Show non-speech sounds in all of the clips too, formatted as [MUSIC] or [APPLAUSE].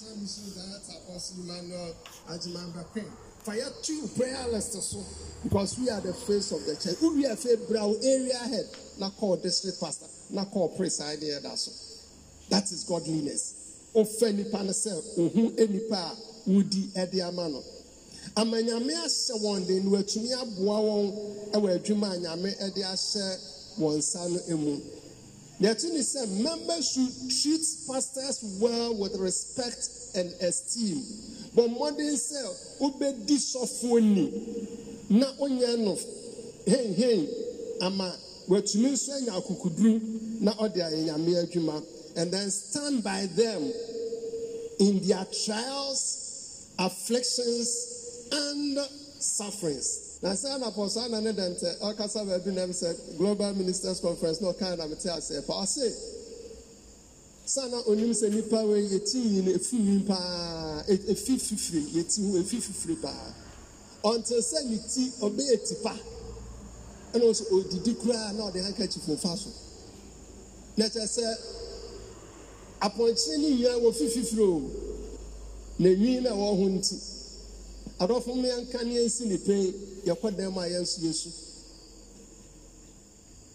Fire two prayer list so because we are the face of the church. Who we are brow area head, not called district pastor, not called presiding that's so. That is godliness. Offer nipa na se ohun enipa wudi ede ama no. Amanyame ahyɛ wɔn de no atumi aboa wɔn wɔ adwuma anyame de ahyɛ wɔn nsa no mu. The thing is that members should treat pastors well with respect and esteem. But more than so, obedi sofoni na onyano hen hen ama wetumi nso anya akukuduru na ɔde ayɛnyame adwuma and then stand by them in their trials afflictions and sufferings na sɛ na pɔsana ne dɛntɛ ɔkasa baabi nam sɛ global ministers conference na ɔkaa na mete aseɛ pa ɔse sana onim sɛ nipa wei yɛti yi no efi yi paa e-, efi fifiri yɛti ho efi fifiri paa ɔnte sɛ ne ti ɔbɛyɛ ti pa ɛna ɔsɛ odidi koraa na ɔde handkerchief ofa so na kyerɛ sɛ apɔnkye ne yia wɔ fififiri o na nwi na ɛwɔ ho nti adɔfo mmea nkanea si ne pɛn yɛkɔ dan mu a yɛnso yɛsu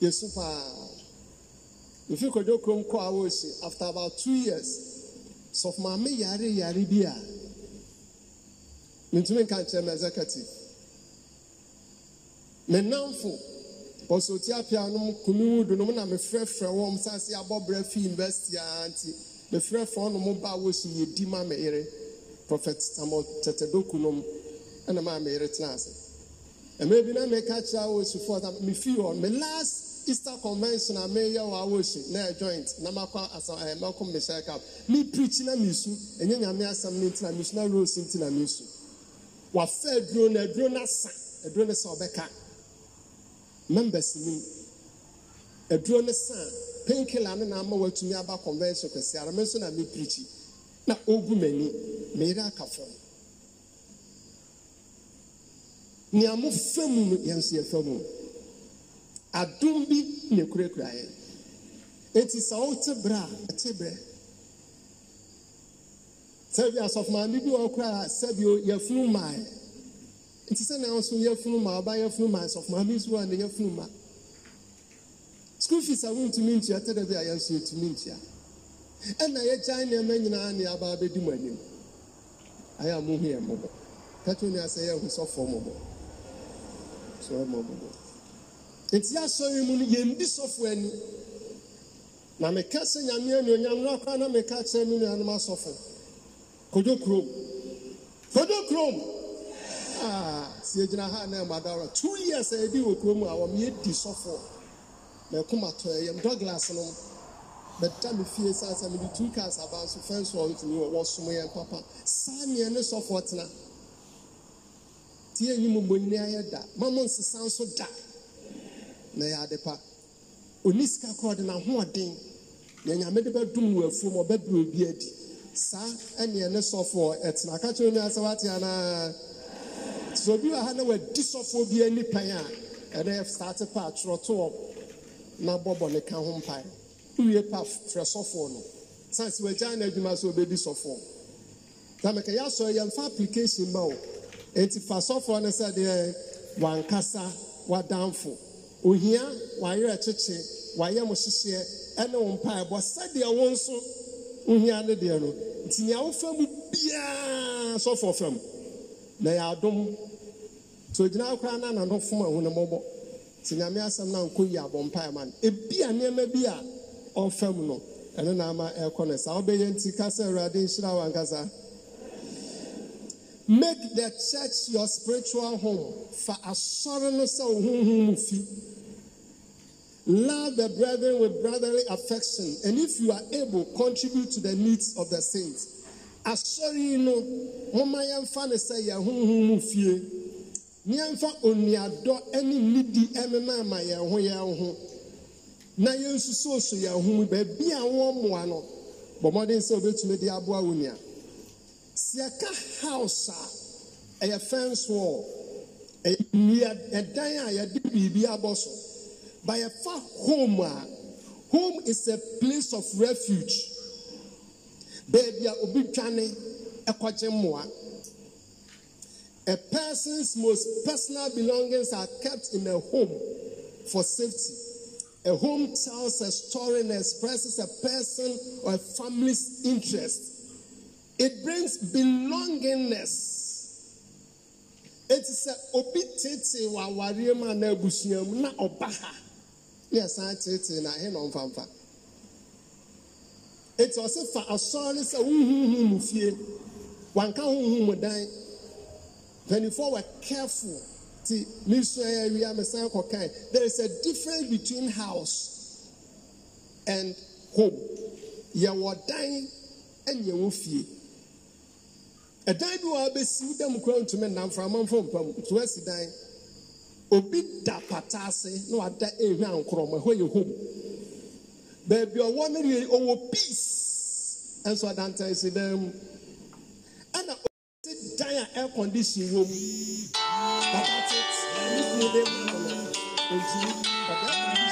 yɛsu paa efi kɔdwo kurom kɔ a wɔresi after about two years sɔfo maame yare yare bi a ntumi nka nkyɛn mu executive me nanfo ɔsoti apia no kunu wudu no mu na mefrɛfrɛ wɔn sase abɔbrɛ fi university a nti mefrɛfrɛ wɔn ba a wɔsi yɛ di ma me yere prophet samuel tete doku nom ɛna maa me yere tena ase ɛmɛ bi na mɛ ka kyerɛ awosu fo ɔta mi fi hɔ mɛ last easter convention a mɛ yɛ wɔ awosu na yɛ joint na ma kɔ asa ɛɛ ma kɔ mission camp mi preach na mi su ɛnyɛ nyame asam ne ntina mi su na rose ntina mi su wafɛ aduro na aduro na sa aduro na sa ɔbɛka members ni aduro na sa painkiller ne na ama watumi aba convention kɛse ara mɛ nso na mi preach na ogu mɛ ni yɛrɛ aka fɔm. nea mofa mu no yɛn nso yɛfa mu adom bi na ekurakura yɛn eti sɛ ɔte berɛ a ɛte berɛ sɛbi asɔfomaame bi ɔkura sɛbi yɛfunu maa yɛ nti sɛ na nso yɛfunu maa ɔba yɛfunu maa asɔfomaame nso wɔ ne yɛfunu maa school fees a wɔntumi ntua tɛdɛ bi a yɛn nso yɛtumi ntua ɛna yɛgya nneɛma nyinaa ne aba abɛdi mu anim ayɛ a mo hu yɛn mo bɔ pɛtɛ onua sɛ yɛn ho sɔfo mo bɔ. sɔre mu ɔbɛbɔ eti asɔre mu ani na meka sɛ nyame anuonyam no akora na kyerɛ ah, si egyina ha na ɛma e ọrụ two years e a yɛdi wɔ kurom a wɔn yɛ edi sọfọ na ɛkum atɔ douglas no fie di two cars aba saa sọfọ tie enyim mmɔnyi ayɛ da mama nsesa nso da na yɛ ade pa oni sika korɔ de n'ahoɔden na nyame de bɛdum no afuom ɔbɛbiri obi adi saa ɛneɛ ne sɔfoɔ ɛtena aka kyerɛ onyaa sɛ wate anaa sɛ obi wɔ ha na wadi sɔfoɔ bi ani pɛn a ɛnɛ saate pa atwerɛtoɔ na bɔbɔ ne ka ho mpae wowie pa frɛ sɔfoɔ no sane sɛ wagyaa no adwuma sɛ obɛdi sɔfoɔ na mekɛ yɛasɔre yɛmfa application ma o eti fa sɔfoɔ no sɛ deɛ wankasa wadanfo ohia wayerɛ kyekye wayɛ mo hyehyeɛ ɛne wo mpaebɔ sɛdeɛ wo nso ohia ne deɛ no nti nea wofa mu biara sɔfoɔ fa mu na yɛ adom nti ogyina koraa na nano fom ahonomɔbɔ nti nyame asɛm no ankɔ yi abɔ mpae ma no ebi a nneɛma bi a ɔfa mu no ɛno na ama ɛrekɔ no saa wobɛyɛ nti kasa awurade nhyira wankasa Make the church your spiritual home. For assurance Love the brethren with brotherly affection. And if you are able, contribute to the needs of the saints. Asori no, you know, ne sɛ yɛn honhom mu fie. Nyɛmfa onuadɔ ne nidi mmema ama yɛn ho yɛn ho. Na yɛn nsusuoso yɛn ho mu baabi a wɔn mmoa no. Bɔ mmɔden sɛ obetumi de aboa wo sɛ house a ɛyɛ fence wall ɛyɛ ɛdan a yɛde biribi abɔ so ba yɛfa home a home is a place of refuge baabi a obi dwane ɛkɔgye mmoa. A person's most personal belongings are kept in a home for safety. A home tells a story and expresses a person or a family's interest it brings belongingness. It is a obi tete wɔ awareɛ mu anaa abusua mu na ɔba ha na yɛsan tete na ahe na ɔmfamfa. Eti ɔsi fa asɔre sɛ huhuhu mu fie wanka huhu mu dan mpanimfoɔ were careful ti ne sua yɛ awia mesan kɔkan there is a difference between house and home yɛwɔ dan ɛnyɛ wɔ fie. ɛdan bi wɔ abɛsiw dɛm kura ntoma nam frama mfɔ mpam so asi dan obi da pata ase na wada ehu ankorɔmɔ ɛhɔ yɛ hom beebi ɔwɔ no yɛ ɔwɔ peace ɛnso adantan si dan mu ɛna ɔsi dan a air condition wɔ mu but that's it ɛni fi de mu kɔlɔ eti but that.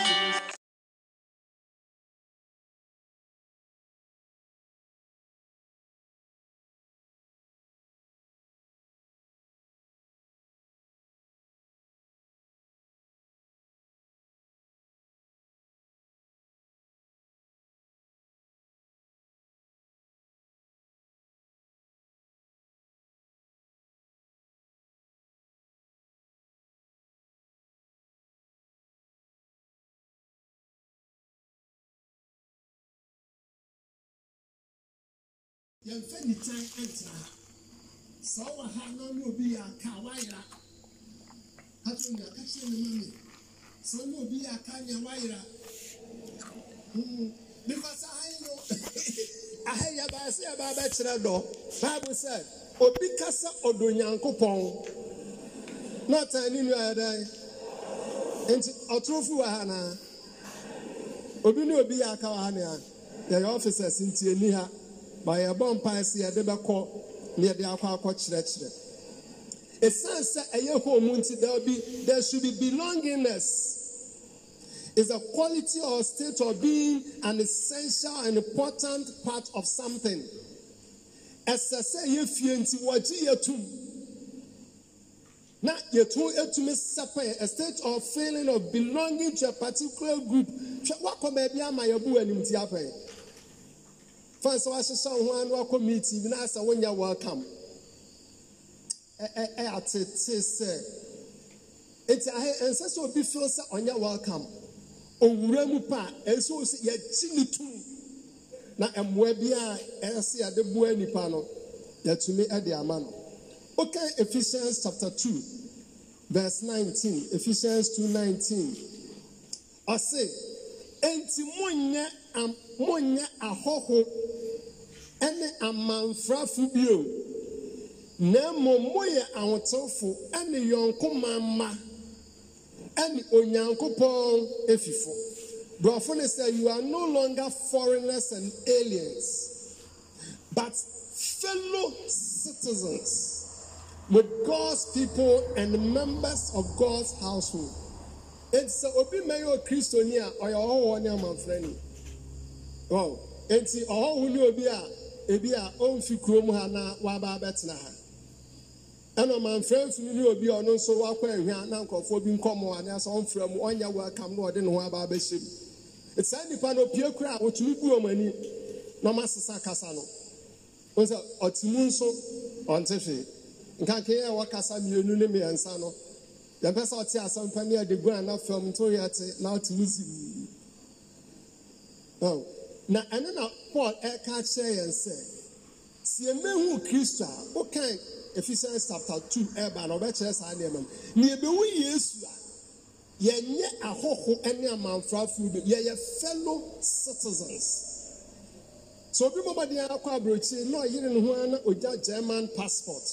yɛmfa nitan ntena ha sɛ ɔwɔ ha na ɔne obi yɛ aka a wayera ato nea ka kyerɛ ne mami sɛ ɔne obi yɛ aka nea wayera because ahe no ahe yɛbaa sɛ yɛbaa bɛkyerɛ dɔ bible sɛ obi kasa ɔdɔ nyankopɔn na ɔtan ne nua yɛ dɛn nti ɔtorofo wɔ ha naa obi ne obi yɛ aka wɔ ha nea yɛyɛ ɔfisɛs nti ani ha. ma yɛbɔ mpae sɛ yɛde bɛkɔ na yɛde akɔ akɔkyerɛkyerɛ ɛsiane sɛ ɛyɛ home nti there be there should be belongingness is a quality or state of being an essential and important part of something ɛsɛ sɛ yɛfie nti wɔgye yɛtum na yɛtum etumi separate a state of feeling of belonging to a particular group twɛ wakɔ baabi ama yɛbu anim ti apɛ. fan sɛ wahyehyɛ wo ho ano akɔ meeting bi na asɛ wonya welcome ɛ atete sɛ nti ahɛ ɛnsɛ sɛ obi feel sɛ ɔnyɛ welcome owura mu pa ɛsɛ osi yɛkyi ne tum na mmoa bi a ɛsɛ yɛde boa nipa no yɛtumi ɛde ama no okay ephesians chapter two verse nineteen ephesians two nineteen ɔsi. enti monyɛ am monyɛ ahɔho ɛne amanfrafo bio na mmom moyɛ ahotewfo ɛne yɔnko mamma ɛne onyankopɔn efifo borɔfo ne sɛ you are no longer foreigners and aliens but fellow citizens with God's people and members of God's household. eti sɛ obi mmɛyɛ o a ɔyɛ ni eti obi a ebi a ɔnfi kurom ha na waba abɛtena ha ɛna ɔmanfrɛ mfiri ne obi a ɔno nso wakɔ ehwia na nkɔfoɔ bi nkɔmɔ ani asɛ mu ɔnyɛ na ɔde ne ho aba abɛhyɛ mu eti saa nipa no opie kura a wɔn ani na kasa no yɛpɛ sɛ ɔte asɛmpa ne yɛde gu ana fam nto yɛte na ɔte wusi na ɛno na paul ɛka kyerɛ yɛn sɛ sie mehu kristo a wokan ephesians chapter two ɛba na ɔbɛkyerɛ saa nneɛma mu na yɛbɛwu yesu a yɛnyɛ ahɔho ne amanfrafo bi yɛyɛ fellow citizens so obi mmɔbɔden akɔ aburokyire na ɔyere ne ho ara na ogya german passport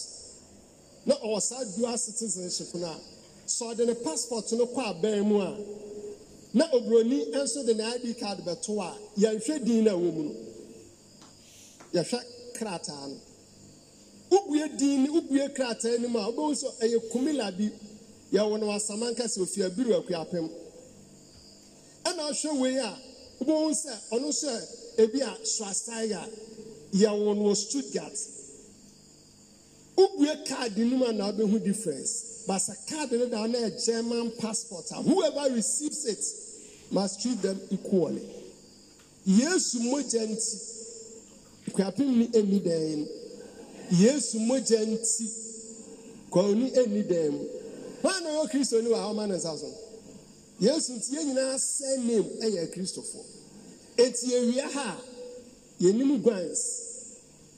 na ɔwɔ saa dual citizenship no a sɛ ɔde ne passport no kɔ abɛn mu a na oburoni nso de ne id card bɛto a yɛnhwɛ din na ɛwɔ mu no yɛhwɛ krataa no wobue din ne wobue krataa anim a wobɛhu sɛ ɛyɛ kumila bi yɛwɔ no wasama nkasa ofi abiru akuapem ɛna ɔhwɛ wei a wobɛhu sɛ ɔno nso ebi a swastaya yɛwɔ no wɔ stuttgart ubue kaadị nnum a na-abịahu difference gbasa kaadị no na na german passport a whoever receives it must treat them equally yesu mmogya nti kwapem ni eni dan mu yesu mmogya nti kɔni eni dan mu wọn na ɔyɛ kristo ni wɔ ahoma ne nsa so yesu nti yɛn nyinaa sɛ name ɛyɛ kristofoɔ eti ewia ha y'enim guans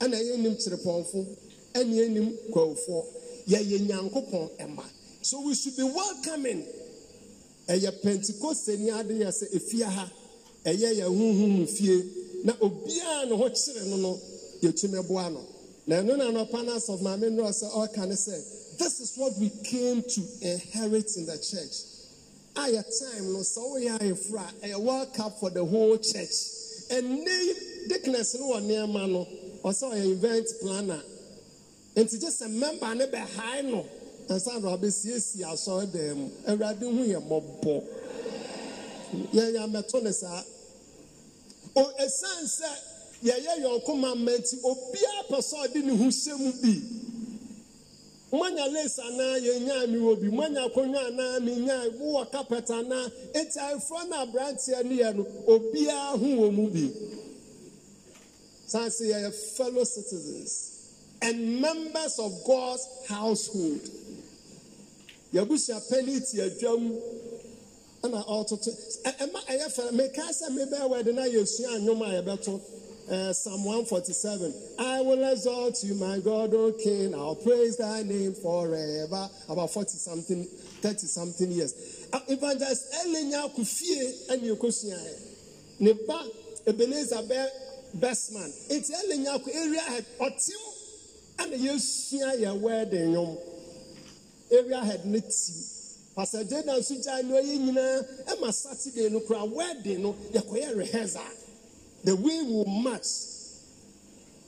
ɛna y'enim kyerɛpɔnfo. ɛne anim kwawofoɔ yɛyɛ nyankopɔn so we should be welcoming ɛyɛ pentecostani ade sɛ efia ha ɛyɛ yɛ huhum fie na obiara ne ho kyerɛ no no yɛtumi boa no na ɛno na anɔpa no asɔf maame nnora sɛ ɔka ne sɛ this is what we came to inherit in the church a yɛ time no sɛ woyɛ ayeforo a ɛyɛ eh, world for the whole church ɛnne dickness no wɔ nneɛma no ɔsɛ ɔyɛ eh, event planner nti gye sɛ mmɛmba ne bɛ hae no na abɛsiesie asɔre dan awurade ho yɛ mmɔbɔ yɛn yɛn ne saa o esan sɛ yɛyɛ yɔn koma mma nti obiara pɛ sɛ ɔde ne ho hyɛ mu bi mmanya lace anaa yɛnya mi wɔ bi mmanya akonnwa anaa mi nya wowɔ carpet anaa eti na aberanteɛ ne yɛ no obiara ho and members of God's household. Yabusha peniti adwam ana ɔtoto ɛma ɛyɛ fɛ mɛka sɛ mɛbɛɛ wɛde na yɛsua anwom a yɛbɛto ɛɛ eh, psalm one forty seven i will exalt you my god o king i will praise thy name forever about forty something thirty something years evangelist ɛlɛnya akufie ɛna ekosua yɛ ne ba ebeneza bɛ best man eti ɛlɛnya akufie area ɔtim. ɛna yɛsua yɛ wɛɛde nnwom area head ne ti pasagye na Nsukya gya no ɛyɛ nyinaa ɛma saturday no kura wɛɛde no yɛkɔyɛ rehearsal the way we match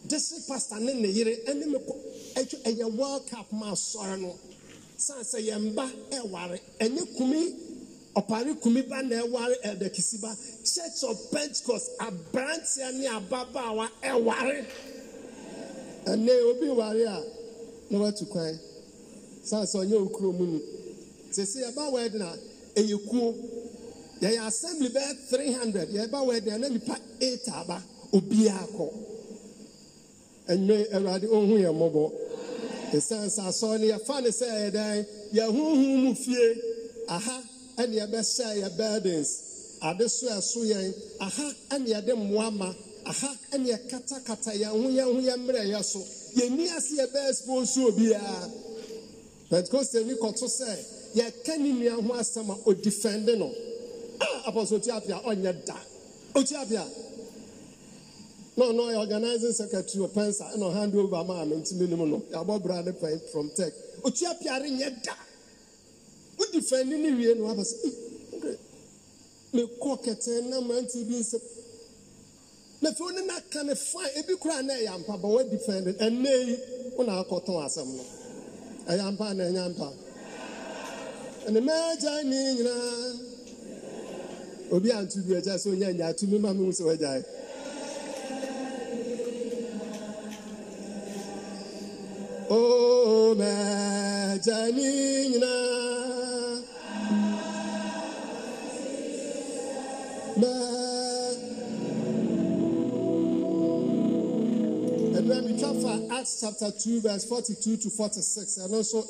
district pastor ne ne yere ɛne me kɔ ɛtwa ɛyɛ world cup ma asɔre no san sɛ yɛn ba ɛware ɛnyɛ kumi ɔpare kumi ba na ɛware ɛdɛ kisi ba church of pentecost aberanteɛ ne ababaawa ɛware. ɛnɛ obi ware a na watu kwan san sɛ ɔnyɛ okuro mu nu sese yɛba wɛd na ɛyɛ kuo yɛyɛ assembly bɛyɛ three hundred yɛba wɛd na nipa eight aba obiara akɔ ɛnɛ awurade ohun yɛ mmɔbɔ ɛsan sɛ asɔ no yɛfa ne sɛ yɛ dan yɛhohom mu fie aha ɛne hyɛ yɛ burdens ade so ɛso yɛn aha ɛne yɛde mmoa ma aha ɛna yɛkatakata yɛn ho yɛn ho yɛn mmerɛ yɛ so yɛni ase yɛbɛ expose obiara pentecostal ni kɔto sɛ yɛka ne nua ho asɛm a odifɛnde no a ah, apɔsɔ otu apia ɔnyɛ da otu apia na No, yɛ organizing secretary of pensa ɛna ɔhand over maa mi ntumi nim no yabɔ bra ne pɛn from tech otu apia re nyɛ da odifɛnde ne wie no abɛsɛ ee hmm, mekɔ kɛtɛn na mmeranteɛ bi nsɛm. na afei ne no aka ne fa ebi kura na ɛyɛ ampa bɔ wadi fɛn de ɛnɛ yi wona akɔtɔn asɛm no ɛyɛ ampa na ɛnyɛ ampa ɛne mɛgya ne nyinaa obi antu bi agya sɛ onya nya atumi ma mehu sɛ wagyae o oh, mɛgya ne nyinaa Acts chapter 2, verse 42 to 46. And also,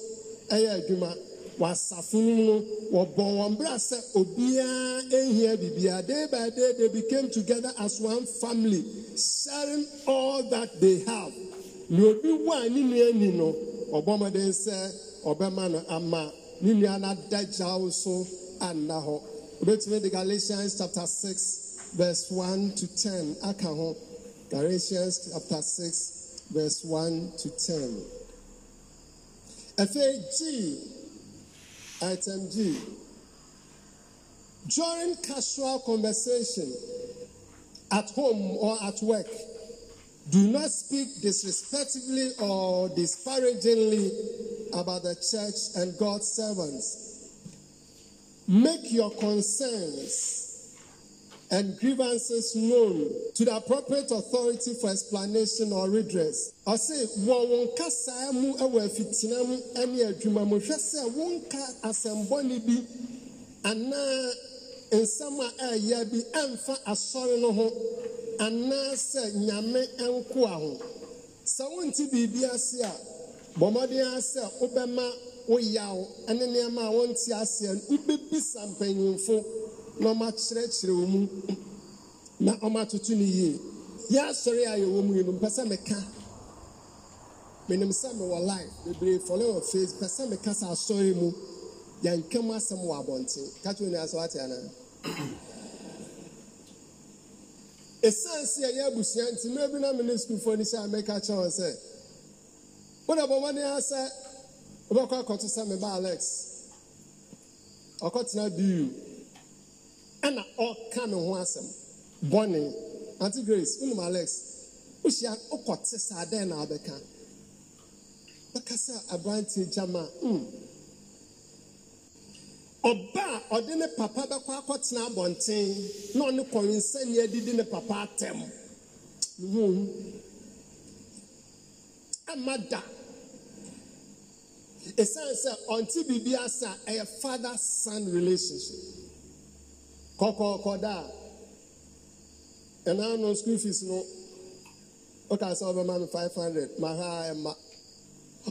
Eya Juma was Safunu, Wabon Brasa, Obia, Ehia Bibia. Day by day, they became together as one family, sharing all that they have. Nyobi wani ni no, Obama den se, Obama no ama, ni ni anada jao so, anna ho. Obetime de Galatians chapter 6, verse 1 to 10, aka ho. Galatians chapter 6, verse 1 to 10. A G, item G. During casual conversation at home or at work, do not speak disrespectfully or disparagingly about the church and God's servants. Make your concerns and grievances known to the appropriate authority for explanation or redress. Ɔse wɔn wɔn kasaa mu wɔ afitina mu ne adwuma mu hwɛ sɛ wɔnka asɛmbɔne bi anaa nsɛm a ɛyɛ bi ɛmfa asɔre no ho anaa sɛ nyame nkoa ho. Sɛ wɔnti biribi ase a bɔmmɔden asɛ wobɛma woyaw ne nneɛma a wɔnte aseɛ no wobɛbisa mpanyinfo. na ɔma kyerɛkyerɛ mu na ɔma tutu ne yie yɛ asɔre a yɛwɔ mu yi no mpɛ sɛ meka menim sɛ mewɔ live bebree fɔlɔ wɔ face pɛ sɛ meka sɛ asɔre mu yɛnka mu asɛm wɔ abɔnten kakyɛ ne asɔ ate abusua nti bi na mene wɔn sɛ sɛ akɔto sɛ alex ɔkɔtena bu ɛna ɔka ne ho asɛm bɔne anti grace unum alex wohyia ɔkɔte saa dɛn na abɛka bɛka sɛ aberanteɛ gyama mm ɔba a ɔde ne papa bɛkɔ akɔtena abɔnten na ɔne de de ne papa atɛm hmm ama da ɛsiane sɛ ɔnte biribi asa ɛyɛ father son relationship kɔkɔɔkɔ da a ɛna no school fees no ɔka sɛ ɔbɛma no five ma ha ɛma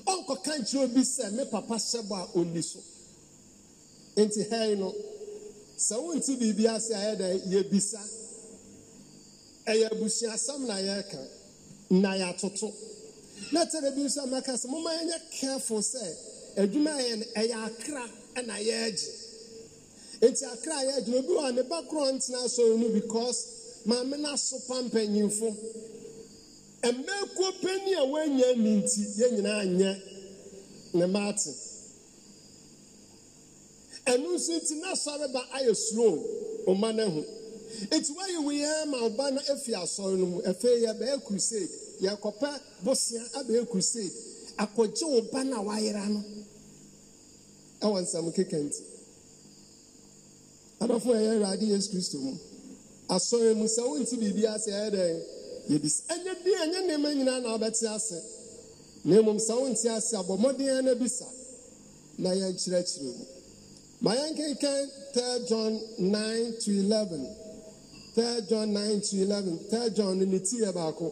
ɔnkɔka nkyerɛ obi sɛ me papa hyɛ bɔ a ɔni so nti hɛn no sɛ wonti biribi ase a yɛda yɛbisa ɛyɛ abusuasɛm na yɛreka na yɛatoto na tɛrɛ bi nso a mɛka sɛ moma yɛnyɛ careful sɛ adwuma yɛn ɛyɛ akra ɛna yɛregye eti akra yɛ adwuma obi wɔ a ne ba na ntena asɔre no because maame n'aso pa mpanyinfo panyin a wɔanya ne nti yɛn nyinaa nyɛ ne maate ɛno nso ntị n'asɔre ba ayɛ slow ɔma ne ho eti wɔayɛ ama ɔba no efi asɔre no mu yɛ bɛyɛ crusade yɛkɔpɛ bosia abɛyɛ crusade akɔgye ɔba no ɛwɔ nsɛm nti. adɔfo a ɛyɛ awurade yesu kristo mu asɔre mu sɛ wonti biribi ase ɛyɛ dɛn yɛbisa ɛnyɛ ɛnyɛ nneɛma nyinaa na wobɛte ase na mmom sɛ wonte ase abɔ mmɔden na bisa na yɛnkyerɛkyerɛ mu ma yɛnkenkan 3 john 9 11 3 john 9 11 3 john ne ti baako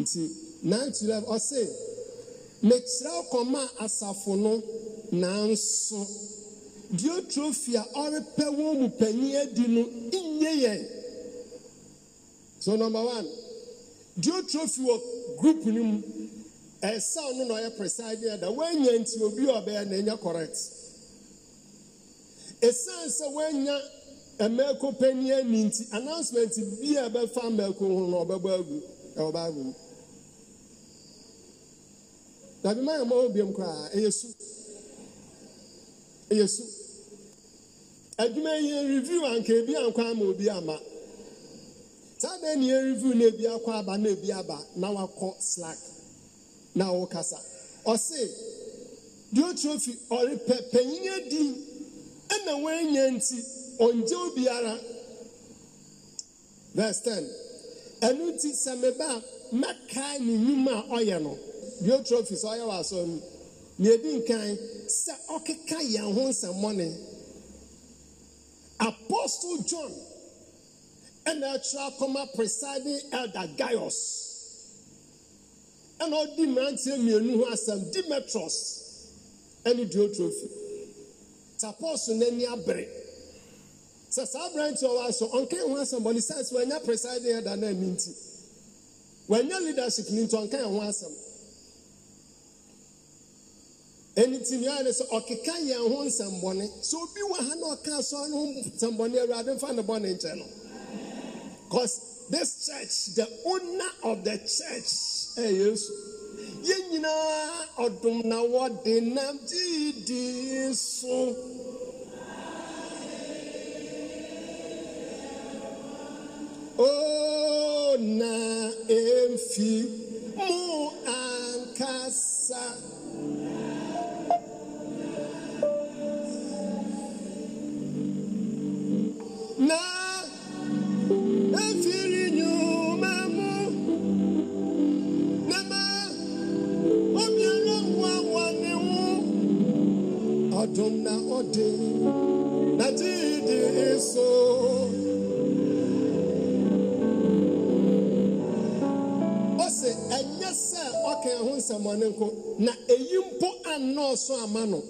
nti 9 to ɔse mekyerɛ kɔma asafo no nanso diotrofia ɔrepɛ wɔn mu penye dị nụ nye so number one diotrofia wọ group no mu ɛsaw ọnụ na nti obi ọba ya na ɛnyɛ correct ɛsan sɛ wɔanya mmariko panyin ani announcement bi ebe ɛbɛfa mmariko ho na dabi ma yesu adwuma yi a anka ebi ankɔ ama obi ama saa bɛn ni review na ebi akɔ aba na ebi aba na wakɔ na ɔkasa ɔse diotrophy ɔrepɛ panyin adi ɛna wɔanya nti ti sɛ meba mɛkaa ne a nea edi nkan sɛ ɔkeka yɛn ho nsɛmɔne apostle john ɛna ɛtwerɛ akɔma presiding elder gaius ɛna ɔdi mmeranteɛ mmienu ho asɛm demetros ɛne diotrophy tapostle n'ani abere sɛ saa aberanteɛ ɔwɔ aso ɔnkan ho asɛm bɔ ne sɛ ɛsɛ wɔanya presiding elder naa ne nti wɔanya leadership ne nti ɔnkan ho asɛm. ɛnitini a ne sɛ ɔkeka yɛn ho nsɛmbɔne sɛ obi wɔ ha na ɔka asɔre no ho nsɛmbɔne awurade mfa ne bɔne nkyɛ no cause this church the owner of the church ɛ yesu yɛn nyinaa ɔdom na wɔde nam gyidi so o na emfi mu ankasa. ɔso ama no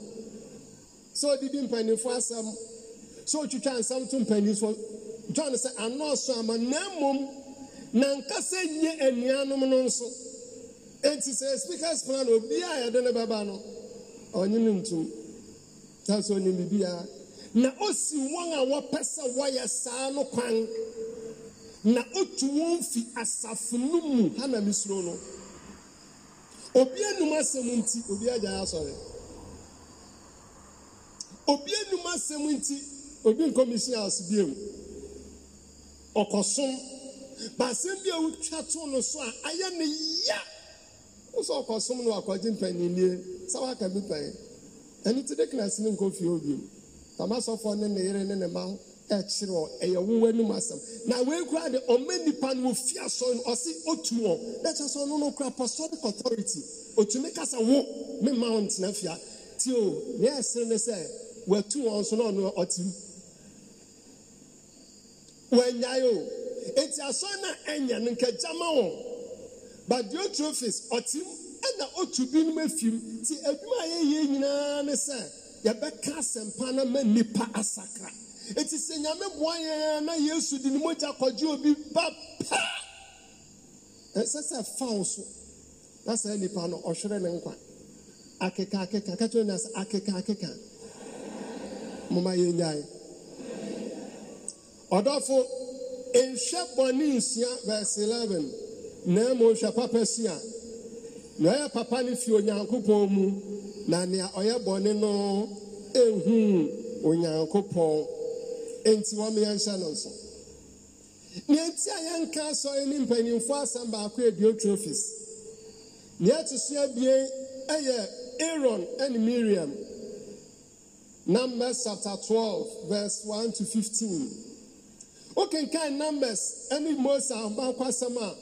sɛ ɔdidi mpanimfoɔ asɛm sɛ ɔtwitwa nsɛm to mpanimfoɔ john sɛ ano ɔso ama na mmom nankasa nye anuanom no nso eti sị, speakers plan obi a yɛde ne bɛba no ɔnye ne ntum taa onye ɔnim biribiara na osi wọn a wɔpɛ sɛ wɔyɛ saa no kwan na otu wɔn fi asafo no mu ha na misuro no obi enum asem nti obi agya asɔre. obi enum asɛm nti obi nkɔmisi ase bi ewu ɔkɔsom baasɛm bi a wotwa to no so a ayɛ ne ya wosɔ ɔkɔsom no wakɔgye mpanyinnie sɛ waka bi pɛn ɛno ti de kilasi ne nkɔ fie obi mu tamasɔfoɔ ne ne yere ne ne ma ɛkyerɛ wɔ ɛyɛ wowa anim asɛm na woekura de ɔma nipa no wofi asɔ no ɔse otu wɔn na kyerɛ sɛ ɔno no kura apostolic authority otumi kasa wo me ma wo ntena fia tio ne ɛsere ne sɛ wɔatu wɔn so na ɔno ɔtem wɔanyae o eti asɔn na ɛnyɛ no nkɛgya ma wɔn but diotrophis ɔtem ɛna otu bi nom afim ti adwuma a yɛyɛ nyinaa ne sɛ yɛbɛka asɛmpa na ma nipa asakra eti sɛ nyame boa na yesu de ne mogya kɔgye obi ba paa ɛsɛ sɛ faw so na sɛ nipa no ɔhwere ne nkwa akeka akeka akeka akeka akeka. moma yɛ nyae ɔdɔfo nhwɛ bɔne nsia verse 11 na mmom hwɛ papa si a na ɔyɛ papa no fi onyankopɔn mu na nea ɔyɛ bɔne no ehu onyankopɔn enti wɔn yɛnhyɛ no nso nea nti a yɛnka asɔre ne mpanyinfoɔ asɛm baako ebien trophies nea ɛte so abien ɛyɛ aaron na miriam. Numbers chapter 12, verse 1 to 15. Okay, kind numbers, any Moses and Kwasama.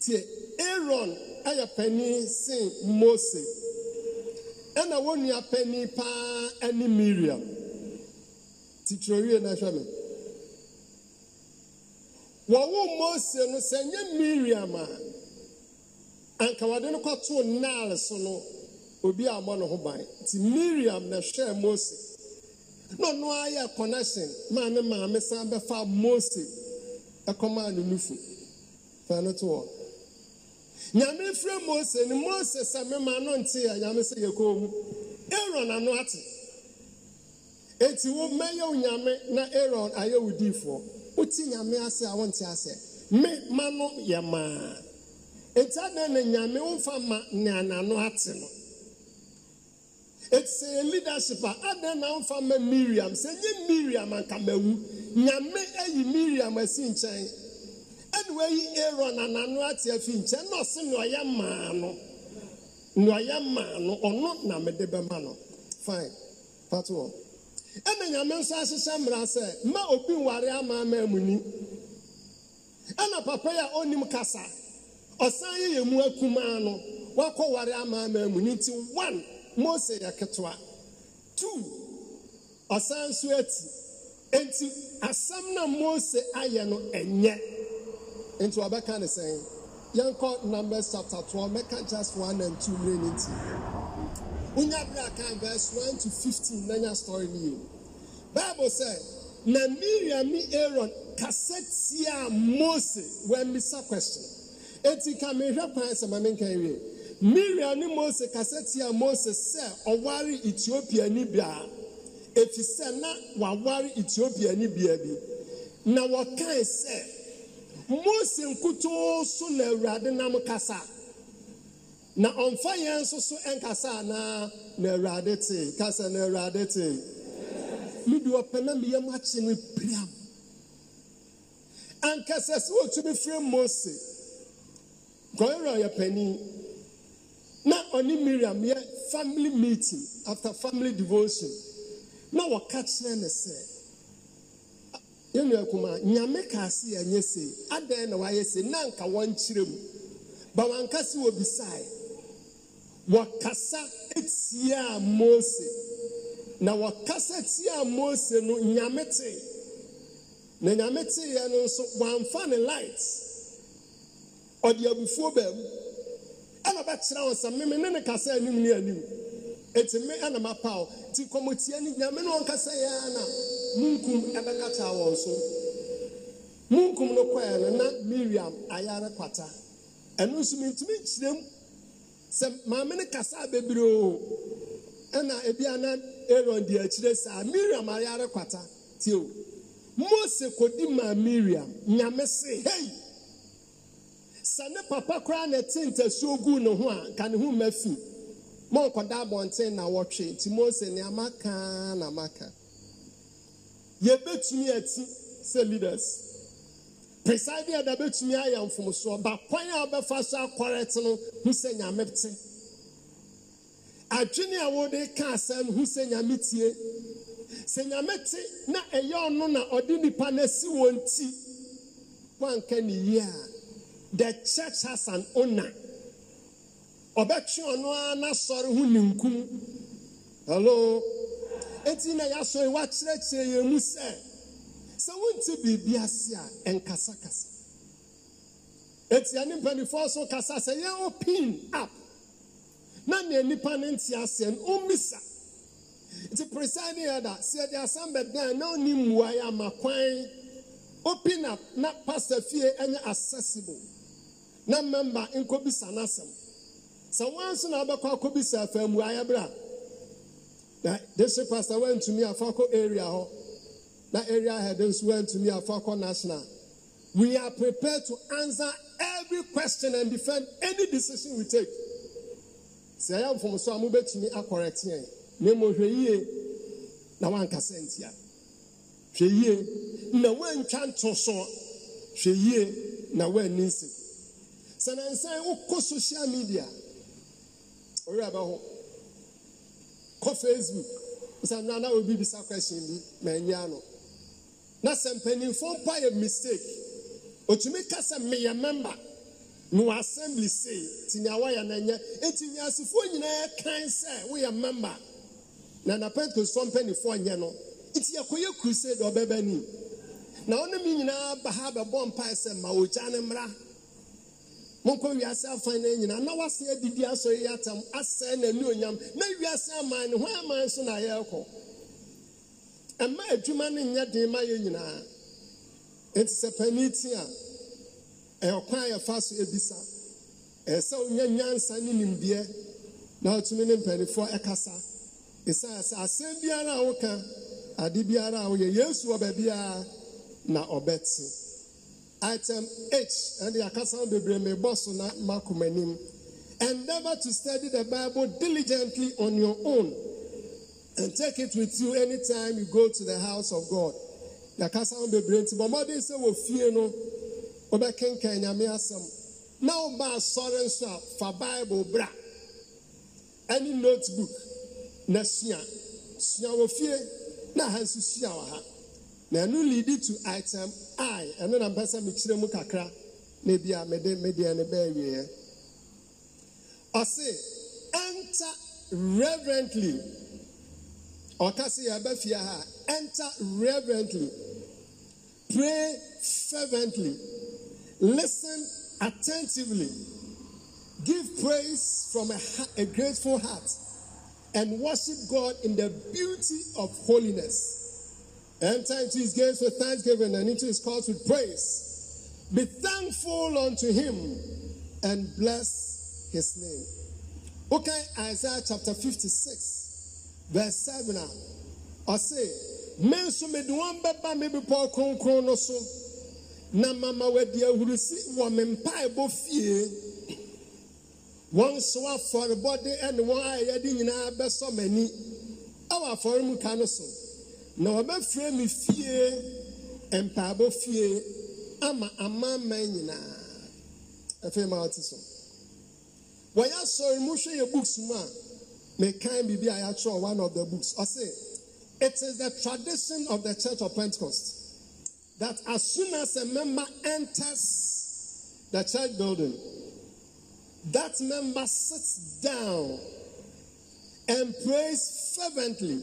Tie Aaron, I penny, sing Moses. And I want your penny pa any Miriam. Titroria Nashame. Wawo Moses no send Miriam. Anka wadeno kwa tuo nal so no. obi ama ne ho ban nti miriam na ɛhwɛ mose na ɔno ara yɛ connection maa ne maame san bɛfa mose ɛkɔmaa ne nufu fɛn no to hɔ nyame fira mose ne mose sɛme ma no nte yɛ nyame sɛ yɛ kɔn mu aaron ano ate eti wo mɛyɛ nyame na aaron ayɛ dị ifo, wote nyame asị a ntị asị. me ma no yɛ maa eti adan na nyame wofa ma ne anano ate no. ese leadership a adịghị na mfa mme miriam sị nye miriam nka mewu nyame eyi miriam esi nkyɛn ɛna weyi aaron na n'ano ate efi nkyɛn nọọsụ ɔsi na ɔyɛ mmaa no na ɔyɛ mmaa nọ ọnụ na mede bɛma nọ. fine pato wɔ ɛna nyame nso ahyehyɛ mmara sɛ mma obi nware ama ama mu ni ɛna papa yi a onim kasa ɔsan yɛ yɛ mu akumaa no wakɔ ware ama ama mu ni nti one. mose yɛ ketewa two ɔsan so ati nti asɛm na mose ayɛ no ɛnyɛ nti ɔbɛka ne sɛn yɛnkɔ numbers chapter twelve mɛka just one and two mmiri ne ti wonya bere verse one to fifteen nanya story ni yio bible sɛ na miriam ne aaron kasa tia mose wɔn mbisa question eti ka mehwɛ kwan sɛ maame nkan wie. miriam ne mose kasa tia mose sɛ ɔware ethiopiani bia efi sɛ na waware ethiopiani bia bi na wɔkae sɛ mose nkutoo so na awurade nam kasa na ɔmfa yɛn nso so nkasa anaa na awurade te kasa na awurade te mede ɔpɛ na meyɛ mu akye no piam ankasa sɛ wɔtumi firi mose kɔyɛrɛ ɔyɛ panin ɔne miriam yɛ family meeting after family devotion na wɔka kyerɛ ne sɛ yɛnua kuma nyame kaase yɛ nyɛ se adan na wayɛ se na nka wɔn kyerɛ mu ba wɔn ankasa wɔ bisae wɔkasa etia mose na wɔkasa etia mose no nyame te na nyame te yɛ no nso wɔnfa ne light ɔde abufuo baamu. ɛna bɛkyerɛ wo sɛ mmemme ne ne kasa anim ne anim ɛti me ɛna mapa wo nti kɔmmɔtia ni nyame ne ɔnkasa yɛ a na munkum ɛbɛkata wɔn so munkum no kɔɛ no na miriam ayare kwata ɛno nso mentumi nkyerɛm sɛ maame ne kasa bebree o ɛna ebi anan aaron di akyire saa miriam ayare kwata tie o mose kodi ma miriam nyame se hei. sɛ ne papa koraa na ɛte ntasuo gu ne ho a nka ne ho mma fi ma nkɔda abɔnten na wɔtwe nti mose nea maka na maka yɛbɛtumi ati sɛ leaders presiding ɛda bɛtumi ayɛ mfomsoɔ ba a wɔbɛfa so akɔrɛte no ho sɛ nyame te adwene a wɔde ka asɛm ho sɛ nyame tie sɛ nyame te na ɛyɛ ɔno na ɔde nipa no asi wɔn ti wanka ne yie a the church has an owner ọbɛtwe ɔno ara n'asɔre ho ne nkum hello eti na yasɔre wakyerɛkyerɛ yi mu sɛ sɛ wonte biribi ase a nkasakasa eti ɛne mpanimfoɔ so kasa sɛ yɛn open app na nea nipa ne nte aseɛ no omisa nti presiding si sɛ yɛde asam bɛdan na oni mmuayɛ ama kwan open app na pastor fie ɛnyɛ accessible. na mmɛmba nkɔbisa n'asɛm sɛ wɔn nso na abɛkɔ akɔbisa afɛnmu ayɛbrɛ na district pastor wɛntumi afɔ akɔ area hɔ na area head nso wɛntumi afɔ akɔ national we are prepared to answer every question and defend any decision we take sɛ ɛyɛ mfomso a mobɛtumi akɔrɛteɛ na mmom hwɛ yie na wankasa ntia hwɛ yie na wantwa ntoso hwɛ yie na wanni nsɛm sanansan wokɔ social media ɔwerɛ ba ho kɔ facebook sanana obi bisa question bi mɛnyɛ no na sɛ mpanimfoɔ mpa yɛ mistake otumi kasa sɛ meyɛ member na wɔassembly sei nti nea wɔyɛ no nyɛ nti wiasefoɔ nyinaa kan sɛ woyɛ member na na pentecostfoɔ mpanimfoɔ nyɛ no nti yɛkɔyɛ crusade ɔbɛbɛni na wɔnom nyinaa ba ha bɛbɔ mpae sɛ ma ogya ne mmra monkɔ wiase afan no nyinaa na wase adidi asɔre yɛ atam asɛe n'ani onyam na wiase aman ne ho aman nso na yɛrekɔ ɛma adwuma no nyɛ den ma yɛ nyinaa nti sɛ panin ti a ɛyɛ kwan a yɛfa so ebisa ɛyɛ sɛ onya nyansa ne nimdeɛ na ɔtumi ne mpanimfoɔ ɛkasa esan sɛ asɛm biara a woka ade biara a woyɛ yesu wɔ baabi a na ɔbɛte. item H, and the Akasan Bibreme Bosuna Makumenim. Endeavor to study the Bible diligently on your own and take it with you anytime you go to the house of God. The Akasan Bibrenti, but more they say, well, fear no, Obekin Kenyamiasam. Now, my sorrow for Bible, bra, any notebook, Nasia, Sia, fear, na Hansu Sia, na ɛno lead to item i ɛno na mpɛ sɛ mekyerɛ mu kakra na ebi a mede medeɛ no bɛɛ wieɛ ɔse enter reverently ɔka se yɛba fie ha enter reverently pray fervently listen attentively give praise from a, a grateful heart and worship god in the beauty of holiness Enter into his gates with thanksgiving and into his courts with praise. Be thankful unto him and bless his name. Okay, Isaiah chapter 56, verse 7. I say, Men so me duwan beba me be paul kron kron no so. Na mama we dia hurusi wa me mpa and fie. Wọn so afɔrebɔde ɛne wɔn a yɛde nyinaa bɛsɔ m'ani ɛwɔ afɔremuka no so. na wɔbɛfrɛ me fie mpaabɔ fie ama amanman nyinaa afei ma wɔte so wɔyɛ asɔre mu hwɛ yɛ books mu a mekan biribi a yɛatwerɛ one of the books ɔse it is the tradition of the church of pentecost that as soon as a member enters the church building that member sits down and prays fervently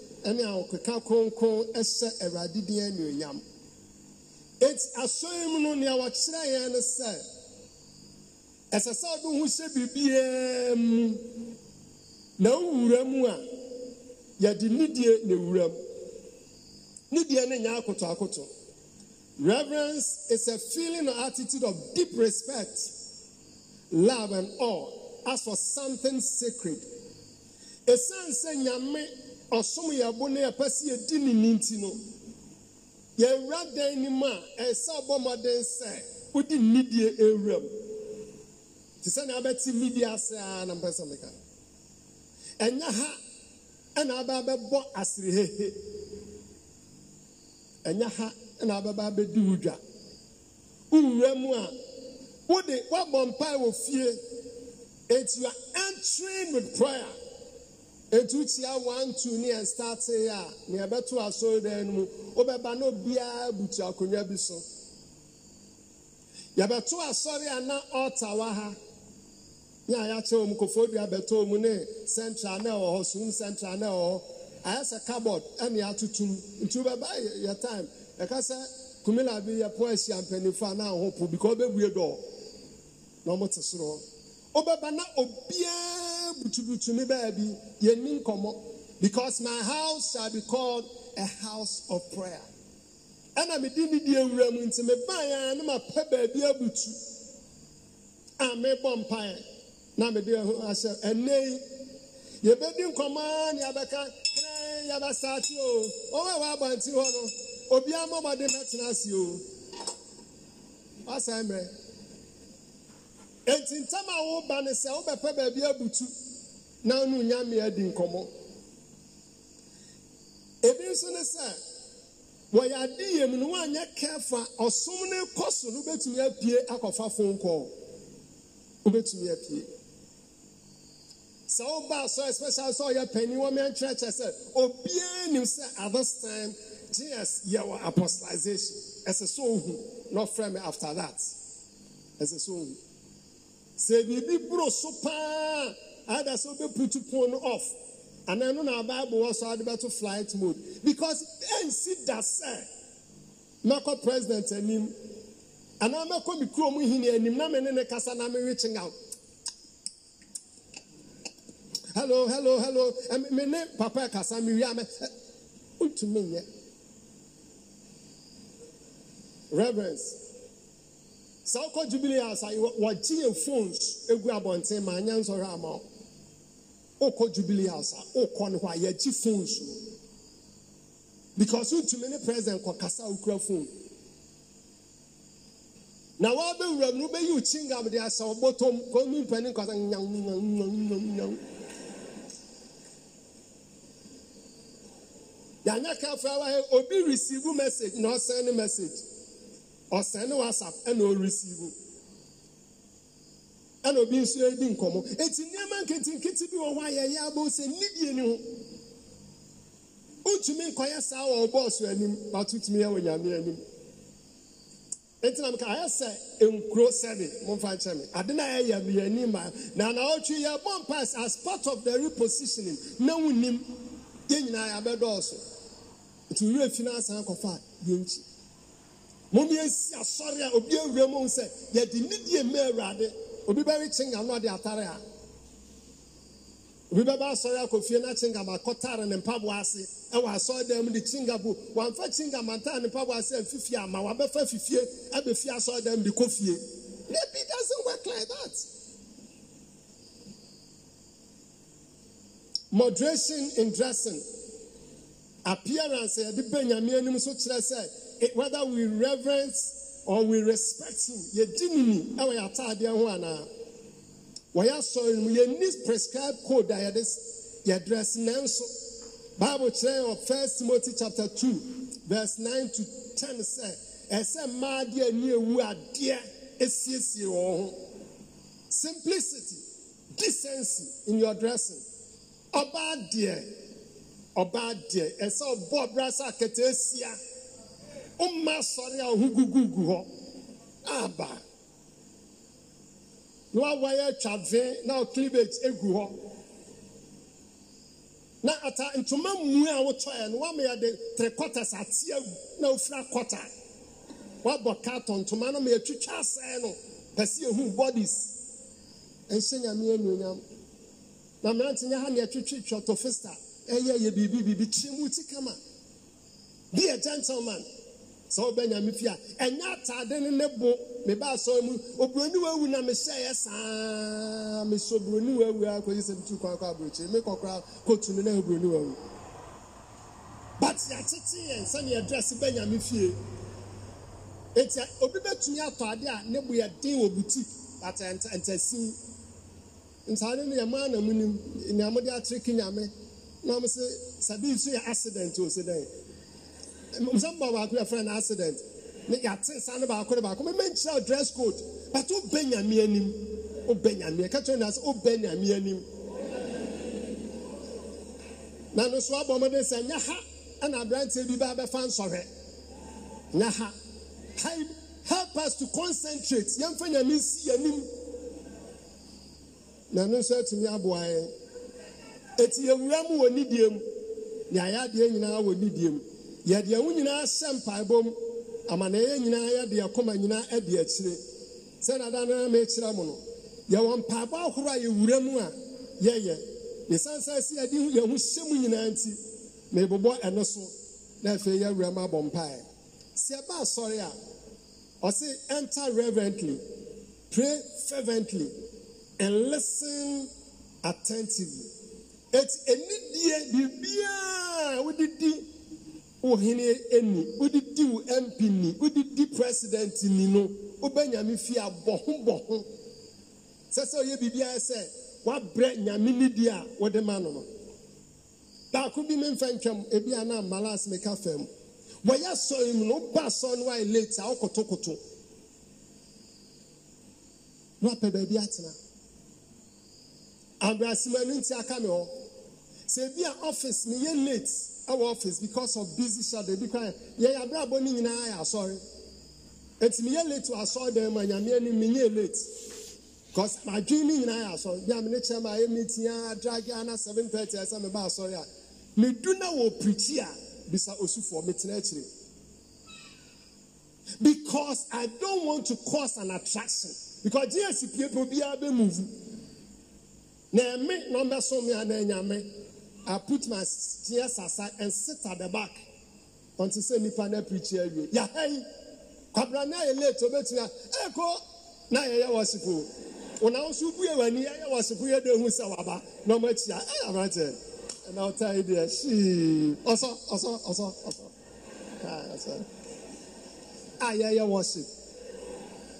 ɛne ahokeka kronkron ɛhyɛ awurade din anuonyam eti asɔn mu no nea wɔkyerɛ yɛn no sɛ ɛsɛ sɛ ho hyɛ biribiara mu na mu a yɛde nidie na ewura mu nidie nya akoto akoto reverence is a feeling or attitude of deep respect love and awe as for something sacred esan sɛ nyame. ɔsom yɛ abo na yɛpɛ sɛ yɛdi ne ni nti no yɛwura dan no a ɛsɛ abɔ mmɔden sɛ wodi nnidie ewura m. te na abɛte mmidi ase a na mpɛ sɛ meka ɛnyɛ ha ɛna aba abɛbɔ asiri hehe ɛnyɛ ha ɛna abɛba abɛdi wo dwa wowura a wode woabɔ mpae wɔ fie eti you are entering with prayer. etu tia one two ne ya a dan mu na obiara butu akonnwa bi so yɛbɛto asɔre a na ha a yɛakyɛ wɔn kofo dua ne central na ɛwɔ central na ɛwɔ hɔ ayɛ sɛ cupboard ɛna yɛatoto mu ya wobɛba yɛ time e kumila bi ya pɔ ahyia e mpanimfoɔ a na because na wobɛba na obiara butubutumi baabi yɛnni nkɔmmɔ because my house shall be called a house of prayer ɛna mede ne di awura mu nti mebaeɛ a na mapɛ baabi abutu a mebɔ mpaeɛ na mede ɛho ahyɛ ɛnɛ yi yɛbɛdi nkɔmmɔ a ne yɛbɛka kran yɛbɛsaate o ɔwɔ ɛwɔ abɔnten hɔ no obiara mmɔbɔde mɛtena ase o wasɛe mmerɛ nti ntɛm a woba no sɛ wobɛpɛ baabi abutu na no nyame adi nkɔmmɔ ebi nso ne sɛ wɔyɛ ade yam no woanyɛ kɛfa ɔsom ne kɔ so no wobɛtumi apue akɔfa fonkɔɔ wobɛtumi apue sɛ woba so especially sɛ ɔyɛ pani wɔ me nkyerɛkyerɛ sɛ obiara nim sɛ at this time jesus yɛwɔ apostolization ɛsɛ sɛ ohu na ɔfrɛ me after that ɛsɛ sɛ ohu sɛ biribi bro so paa ada sɛ wobɛputu pon no off anaa no na bible wɔ so ade to flight mode because ɛnsi da sɛ mɛkɔ president anim anaa mɛkɔ me kurom hene anim na mene ne kasa na mewekye nga hello hello hello me ne papa kasa mewie a mɛ wontumi nyɛ reverence saa ọkọ jubilee asa wọgye yɛ phones egu abɔnten ma anya nsɔhwɛ ama ọkọ jubilee asa ọkọ ne hɔ a yɛgye phones no because ntumi ne president kɔ okura phone na wabɛwura mu bɛyi kyingam de asa ɔbɔtɔm kɔn mu mpɛni nkɔsa nyan nyan nyan nyan yanya kafra wa obi receive message na ɔsɛn ne message. ɔsɛn whatsapp ɛna ɔresiivu ɛna obi nso edi nkɔmɔ eti nneɛma nketenkete bi wɔ hɔ a yɛyɛ abɔ sɛ nidie ni ho ntumi nkɔyɛ saa wɔ bɔɔso anim bato tumi yɛ wɔ nyame anim eti na mi ka ayɛ sɛ nkuro sɛbi mo nfa nkyɛn mi ade na yɛyɛ mi yɛ anim ma na na ɔtwi yɛ bɔ mpass as part of the repositioning na wunim yɛ nyinaa yɛ abɛ dɔɔso etu wura fi na asan akɔfa yɛ nkyi. momi esi asɔre a obi ewura mu sɛ yɛde nidie mma awurade obi bɛ rekye ngano ade atare a obi bɛba asɔre akɔfie na kyingam akɔtare ne mpaboa ase ɛwɔ asɔre dan mu de kyingabu wɔnfa kyingam atare ne mpaboa ase afifie ama wɔabɛfa fifie abɛfie asɔre dan mu de kɔ fie maybe doesn't work like that. moderation in dressing appearance yɛde bɛ nyame anim so kyerɛ sɛ Eh, whether we reverence or we respect you, him yɛdi nini ɛwɔ eh, yɛ ataadeɛ ho anaa wɔyɛ asɔre mu yɛni prescribed code a yɛde yɛdress nanso bible kyerɛ wɔ first timothy chapter two verse nine to ten sɛ ɛsɛ mmaa deɛ ani ewu adeɛ esiesie wɔn ho simplicity decency in your dressing ɔbaa deɛ ɔbaa deɛ ɛsɛ ɔbɔ brasa akete esia. ó máa sọrí àwọn gúgúgù họ aba na wawayɛ twave na clivage egu họ na ata ntoma mmue a wotɔɛ no wama yɛde three quarters ateɛ na ofura quarter wabɔ carton ntoma no ma yɛtwitwa asɛe no pɛsi ehu bodies nhyɛ nyame anuonyam na mmerante nyɛ ha na yɛtwitwi fista ɛyɛ e yɛ biribi biribi kyerɛ mu ti kama be a gentleman. sɛ wobɛ nyame fi a ɛnyɛ ataade ne ne bo mebaa sɔre mu oburoni wawu na mehyɛeɛ saa mesɛ oburoni wawu a kɔgye sɛ metu kwan kɔ aburokyiri mekɔkora kɔtu no na oburoni wawu but yɛakyekye yɛn sɛneɛ dress bɛ nyame fie eti obi bɛtumi atɔ ade a ne bo yɛ den wɔ butik ata ntasin ntaade no yɛ mmaa na mu ni nea mode akyerɛ kinyame na ɔmo sɛ sabi nso yɛ accident o sɛ dɛn nsɛm bɔ baako friend accident. na accident ten. yate saa ne baako ne baako mɛmɛ nkyerɛ dress code but o bɛ nyame anim o bɛ nyame kɛtɛ na o bɛ nyame anim na no so abɔ ɔmo de sɛ nya ha ɛna aberanteɛ bi ba abɛfa nsɔhwɛ nya ha ha help us to concentrate yɛn fɛ nyame si anim na no nso atumi aboa yɛn eti ewura mu wɔ nidie mu nea yɛ adeɛ nyinaa wɔ nidie mu. yɛde ɛwo nyinaa sɛ mpaebom ama na ɛyɛ nyinaa yɛde ɛkoma nyinaa ɛde akyire sɛ nada no ama akyerɛ mu no yɛwɔ mpaebɔ ahorow a yɛwura mu a yɛyɛ ne sansan si yɛde yɛn ho hyɛ mu nyinaa nti na ebobɔ ɛno so na afei yɛwura mu abɔ mpae si ɛba asɔre a ɔsi enter reverently pray fervently and listen attentively eti enidie biribiara a wodidi. wohene ni wodidi wo mp ni wodidi president ni no wobɛ nyame fi a bɔho bɔho sɛ sɛ ɔyɛ biribiara sɛ wabrɛ nyame ni di a wɔde ma no no baako bi memfa ntwam ebi ana na malas meka fam wɔyɛ sɔre mu no woba sɔre no wayɛ late a wokotokoto na wapɛ baabi atena abrasima no nti aka me hɔ sɛ ebi a ɔfis no yɛ late office because of busy schedule Because kan yɛ yɛ abrabɔ ne nyinaa yɛ asɔre late to assault them and a nyame anim mi yɛ late because my ne nyinaa yɛ asɔre nyame ne kyɛn mu a meeting a drag a seven thirty I mi ba asɔre a mi du na wɔ pirikyi a because I don't want to cause an attraction because GSP obiara bɛ move na ɛmi na so mi a I put my chairs aside and sit at the back until say nipa na preach awie yahai kwabra na yɛ late obetua Eko eh, na yɛyɛ wɔsipo wɔn ahosuo bu yɛ ya yɛyɛ wɔsipo yɛ de ehu sɛ waba na ɔmo akyia ɛyɛ eh, aberante ɛna ɔta yi deɛ shii oso oso oso. ɔsɔ aa ah, ah, ɔsɔ a yɛyɛ wɔsip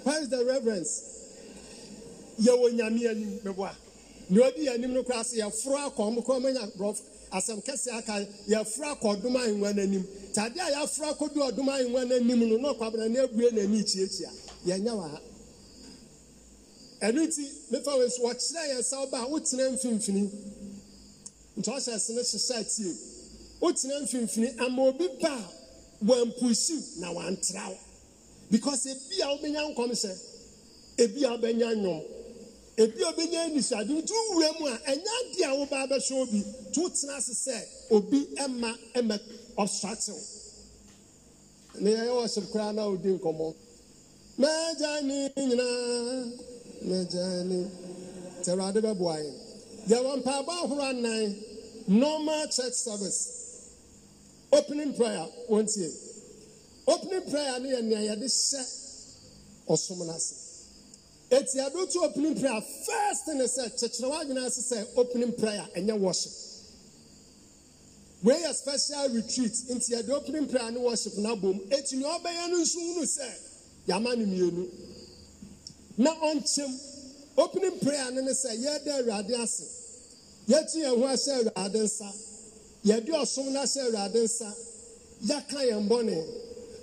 where is the reverence yɛ wɔ nyamea ni mɛ bɔ nea odi ya anim no koraa sɛ yɛforo akɔ ɔmo kɔn borɔfo asɛm kɛse aka yɛforo akɔ ɔdom ahengua n'anim tade a yɛaforo akɔdu ɔdom ahengua n'anim no na ɔkwa abena n'ani kyiakyia yɛnya wa ɛnu ti mefa wɔ so wɔkyerɛ yɛn sɛ ɔbaa wotena mfimfini nti ɔhyɛ hyehyɛ tie wotena mfimfini ama obi ba na wɔantraw because ebi a ebi a nnwom. ebi obi nye nisadu tu wura mu a ɛnya di a woba abɛhyɛ obi tu tena ase sɛ obi ɛma ɛma ɔsratew ne yɛ wɔ sɛm koraa na odi nkɔmɔ mɛgya ni nyinaa mɛgya ni tɛwurade bɛ boa yɛ yɛ wɔ mpaabɔ ahorow anan normal church service opening prayer wɔn tie opening prayer no yɛ nea yɛde hyɛ ɔsom n'ase eti to opening prayer first ne sɛ kyekyerɛwa nyinaa sɛ sɛ opening prayer ɛnyɛ worship wei yɛ special retreat nti yɛde opening prayer ne worship na bom eti nea ɔbɛyɛ no nso hunu sɛ yɛama no mmienu na ɔnkyɛm opening prayer ne ne sɛ yɛda awurade ase yɛtu yɛn ho ahyɛ awurade nsa yɛde ɔsom no ahyɛ awurade nsa yɛaka yɛn bɔne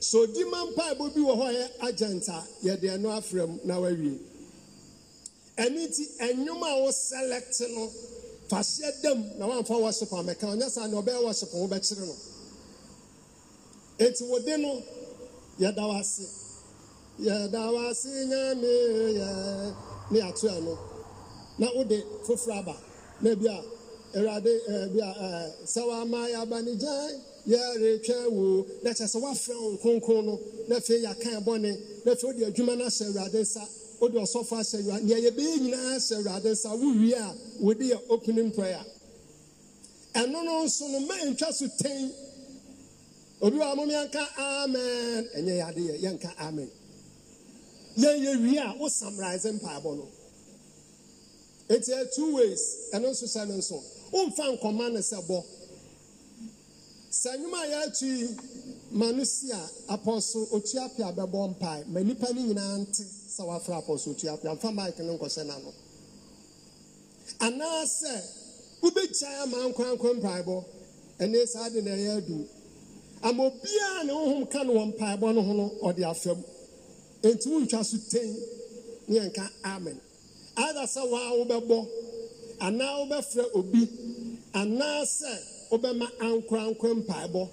so di ma mpaebɔ bi wɔ hɔ yɛ agent a yɛde ɛno afrɛ m na wawie ɛno nti ɛnwom a wo select no fa hyɛ dam na wamfa wɔsopɔ amɛka ɔnyɛ saa deɛ ɔbɛyɛ wɔsopɔ wobɛkyere no eti wode no yɛda w ase yɛda w ase nyame yɛ ne yɛato ɛno na wode foforɔ aba na bi a awurade ɛbi a ɛɛ sɛ wama yɛaba ne gyan yɛretwa wo na kyerɛ sɛ woafrɛ wo nkronkron no na afei yɛaka ɛbɔne na afei wode adwuma no ahyɛ awurade nsa wode ɔsɔfo ahyɛ awurade nea yɛbɛyɛ nyinaa ahyɛ awurade nsa wowie a wode yɛ opening prayer ɛno no nso no ma ntwa so ten obi wa mom yɛnka amen ɛnyɛ yɛ adeɛ yɛnka amen yɛnyɛ wie a wo summarize mpaebɔ no eti yɛ two ways ɛno nso hyɛ ne nso womfa nkɔma ne sɛ bɔ sɛ nnwuma a yɛatu yi mmanụ si a apɔso otuapia bɛbɔ mpae ma nipa no nyinaa nte sɛ wafra apɔso otuapia nfa maik no nkɔhyɛ n'ano anaasɛ wobɛgyae ama nkwankwa mpaebɔ ɛne saa de na ɛyɛ adu ama obiara ne honhom ka no wɔ mpaebɔ no ho no ɔde afam enti wontwa so ten ne yɛnka amen either sɛ waa wobɛbɔ anaa wobɛfrɛ obi anaasɛ wobɛma ankorankwa mpaebɔ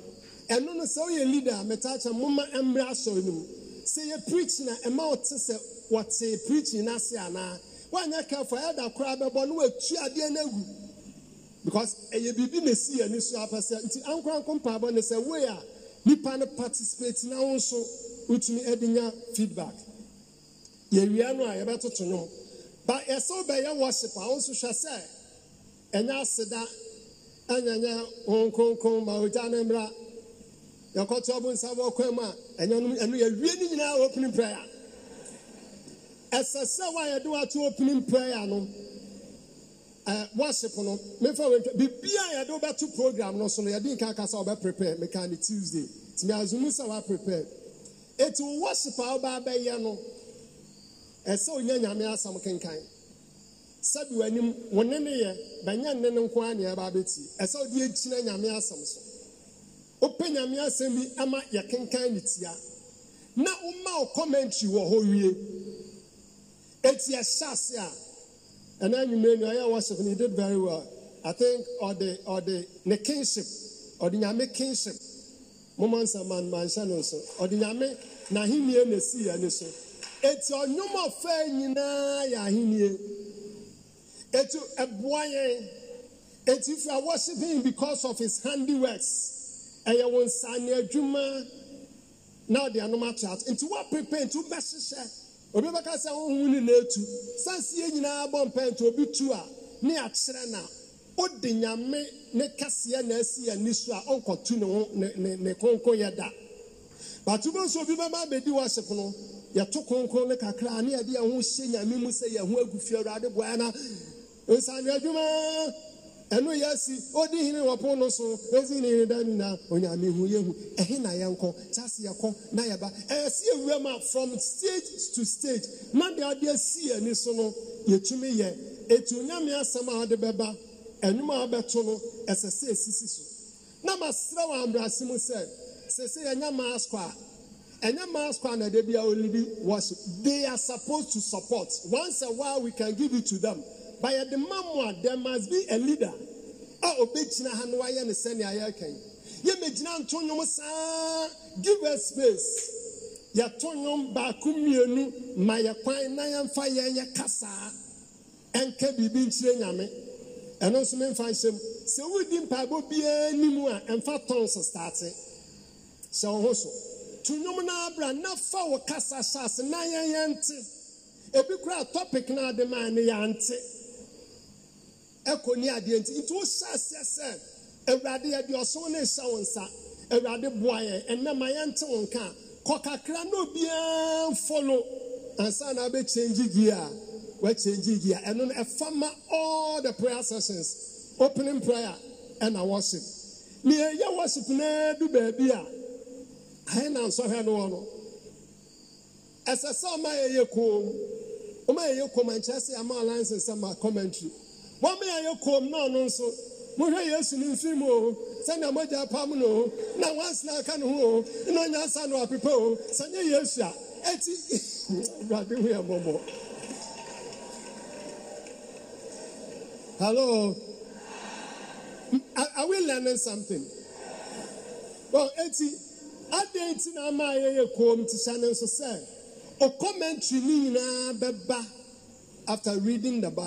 ɛno no sɛ woyɛ leader a metaa kyɛ moma mmerɛ asɔre no mu sɛ yɛ preach na ɛma wote sɛ wɔte preaching no ase anaa woanyɛ careful ɛda koraa bɛbɔ no watu adeɛ no agu because ɛyɛ biribi na ɛsi yɛ ani so apɛ sɛ nti ankoranko mpaabɔ ne sɛ wei a nipa no participate na wo nso wotumi de nya feedback yɛwia no a yɛbɛtoto no but yɛsɛ wobɛyɛ worship a wo nso hwɛ sɛ ɛnyɛ aseda ɛnyɛnyɛ wo nkronkron ma ogya no mmra yɛkɔto abo nsa bɔ kwan mu a ɛnyɛ no yɛwie ne nyinaa opening prayer ɛsɛ sɛ wa yɛde wato opening prayer no ɛɛ eh, worship no mefa wɔn ntwa biribi a yɛde wɔbɛto program no so no yɛde nka kasa wɔbɛ prepare meka ne tuesday tìmí azumu sɛ wa prepare Etu worship a wɔbɛ abɛyɛ no ɛsɛ onye nyame asam kenkan sɛbi wɔn anim wɔn ne ne yɛ bɛnyɛ ne ne nko ara nea yɛbɛ abɛti ɛsɛ wɔde egyina nyame asam so. wopɛ nyame asɛm bi ama yɛkenkan ne tia na woma wo commentary wɔ hɔ wie eti ɛhyɛ ase a ɛna ni ɔyɛ worship no he did very well i think ɔde ɔde ne kinship ɔde nyame kinship moma nsaman manhyɛ no nso ɔde nyame n'ahenie na esi yɛn so eti ɔnwoma ɔfɛ nyinaa yɛ ahenie etu ɛboa yɛn eti if you are worshiping because of his handiworks. ɛyɛ wɔn nsa ne adwuma na ɔde anom ato ato nti wapepe nti wobɛhyehyɛ obi bɛka sɛ wohun ne na etu sasie nyinaa bɔ mpɛnti obi tu a ne akyerɛ na odi nyame ne kɛseɛ na esi ani so a ɔnkɔtu ne ho ne ne ne konko yɛ da batubo nso obi bɛma abɛdi wɔship no yɛto konko ne kakra ne yɛde yɛn ho hyɛ nyame mu sɛ yɛn ho agu fie awurade boa na nsa adwuma. ɛno yɛ asi ɔdi hene wɔ pon no so ɛsi ne hene da nyinaa onyame hu yɛhu ɛhe na yɛnkɔ sase yɛkɔ na yɛba ɛyɛsi ewura mu a from stage to stage mmadụ adị esi ani so no yɛtumi yɛ etu onyame asɛm a ɔde bɛba ɛnum a ɔbɛto no ɛsɛ sɛ esisi so na ma srɛ wɔ ambrase mu sɛ sese yɛnyɛ mask a ɛnyɛ mask a na ɛde bi a they are supposed to support once a while we can give it to them. but yɛ de ma mu a there must be a leader oh, oh, a obɛgyina ha na wayɛ ne sɛnea yɛreka yi yɛmɛgyina nto nnwom saa give us space yɛto nnwom baako mmienu ma yɛ kwan na yɛmfa yɛn yɛ kasaa ɛnka biribi nkyerɛ nyame ɛno nso memfa nhyɛ mu sɛ wodi mpaebɔ biara anim a ɛmfa tɔn so staate hyɛ wo ho so to nnwom no abra na fa wo kasa hyɛ ase na yɛn yɛnte ebi koraa topic no ade maa ne yɛante ɛkɔ ni adeɛ nti nti wohyɛ aseɛ sɛ awurade yɛ deɛ ɔsɔn ne nhyɛ wɔn nsa awurade boa yɛn ɛnam a yɛn nte wɔn ka kɔ kakra na obiara nfolo ansa na abɛ change gear wɛ change gear ɛno no ɛfa ma all the prayer sessions opening prayer ɛna worship nea yɛ worship naa du baabi a ayɛ na nsɔhwɛ no wɔ no ɛsɛ sɛ ɔma yɛ yɛ koom ɔma yɛ yɛ koom ɛnkyɛn sɛ ama alliance nsɛm a commentary. wɔma yɛayɛ kom nso mohwɛ yesu no mfiri mu o sɛnea mogya apam no o na wansena aka ne ho o na ɔnya asa no apepɛ o sɛ yesu a ɛti [LAUGHS] awurade ho yɛ are, something well eti adị nti na ama ya nso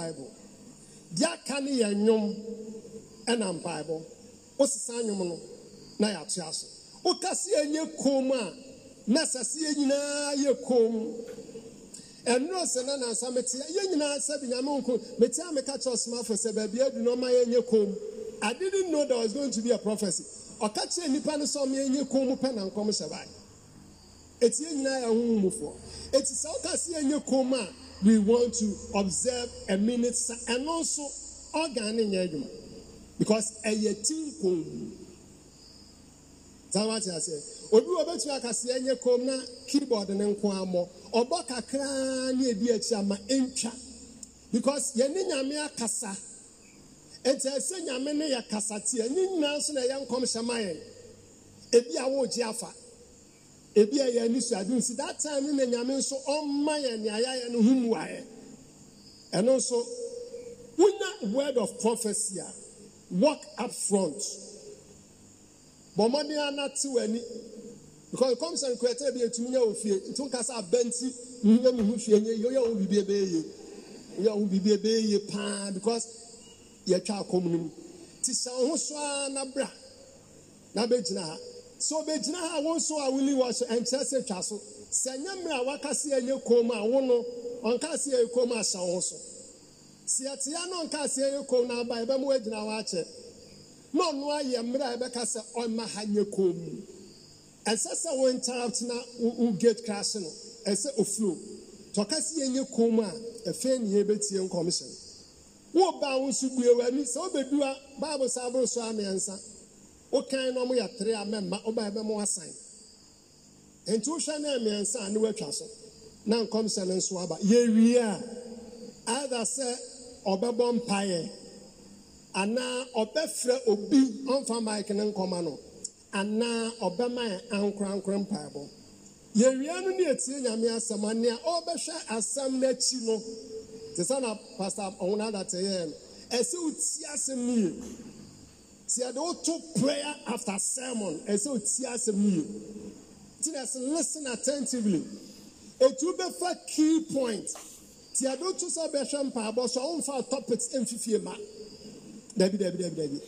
o deɛ aka no yɛ nnwom ɛna mpaebɔ osisi nnwom no na yɛato aso woka se yɛnyɛ kom a na sase yɛ nyinaa yɛ kom ɛnuro sɛ na nansa mete yɛ nyinaa sɛ bi nyame nko mete a meka kyerɛ ɔsomafo sɛ baabi adu na ɔma yɛnyɛ kom I didn't know there was going to be a prophecy ɔka kyerɛ nnipa no sɛ ɔma yɛnyɛ kom mu na nkọm hyɛ bae ɛti yɛ nyinaa yɛ ahonhomfoɔ ɛti sɛ woka se kom a we want to observe a minute and nso organ nyɛ adwuma because ɛyɛ tin koom saa wa ti ase obi wa betumi akaseɛ nye koom na keyboard ne nko amɔ ɔbɔ kakraa ne ebi akyi ama ntwa because yɛn ne nyame akasa nti ɛsɛ nyame ne yɛ kasa tie ne nyinaa nso na ɛyɛ nkɔm hyɛn mayɛ ebi awo gye afa. ebi a yɛ ani so nsi that time no na nyame nso ɔmma yɛ nea yɛayɛ no ho mu ɛno nso wonya word of prophecy a walk up front bɔmmɔden anate w'ani because kɔmsɛn kɔɛtɛ bi etumi nyɛ ofie nti nkasa abɛnti nyɛ mu ho fie nye yɛ ɔyɛ ohun bibie bɛyɛ yie ɔyɛ ohun bibie paa because yɛtwa akɔm no mu ti hyɛ ɔho so ara nabra nabɛgyina ha. sɛ ha wo nso a woli wɔ so ɛnkyerɛ sɛ twa so sɛ ɛnyɛ mmerɛ a waka se ɛnyɛ kom a wo no ɔnka se ɛyɛ kom ahyɛ wo so sɛ no ɔnka ɛyɛ kom no aba ɛbɛma woagyina akyɛ na ɔno ayɛ mmerɛ a ɛbɛka sɛ ɔmma ha nyɛ kom sɛ wo na wo gate crash no ɛsɛ tɔka kom a ɛfei ne yɛbɛtie nkɔmhyɛn woba wo nso bue w'ani sɛ wokan na ɔmoyɛ tere a mɛma ɔba ɛbɛ mo asan nti wohwɛ no mmiɛnsa a ne woatwa so na nkɔmhyɛ no nso aba yɛwie a either sɛ ɔbɛbɔ mpaeɛ anaa ɔbɛfrɛ obi ɔmfa mike ne nkɔma no anaa ɔbɛma yɛ ankorankora mpaebɔ yɛwie no ne yɛtie nyame asɛm a nea ɔbɛhwɛ asɛm no akyi no te sɛ na pastor ɔhono adate yɛɛ no ɛsɛ wotie asɛm no yie sɛ yɛde to prayer after sermon ɛsɛ ɔti asɛm yie nti na ɛsɛ listen attentively ɛtumi bɛfa key point nti yɛde woto sɛ wobɛhwɛ mpaabɔ so ɔwomfa topics mfifie ma dabi dabi dabi dabi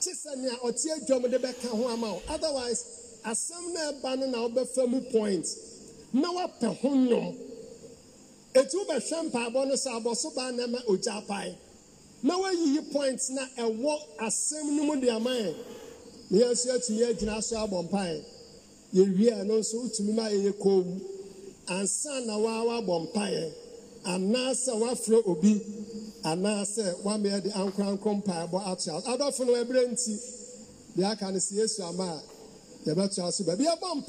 kye sɛ nea ɔte adwam de bɛka ho ama wo otherwise asɛm no ɛba no na wobɛfa mu point na wa woapɛ ho nnwom ɛtumi bɛhwɛ mpaabɔ no sɛ abɔso baa nɛma ogya pae na wayiyi point na ɛwɔ asɛm no mu de ama na yɛn nso atumi agyina so abɔ mpaeɛ yɛwie no nso wotumi ma yɛyɛ kowu ansa na waa wabɔ mpaeɛ anaasɛ wafrɛ obi anaasɛ wama yɛde ankorankoro mpaebɔ ato aso adɔfo no ɛbrɛ nti deɛ aka no sɛ yesu ama a yɛbɛto aso baabi yɛbɔ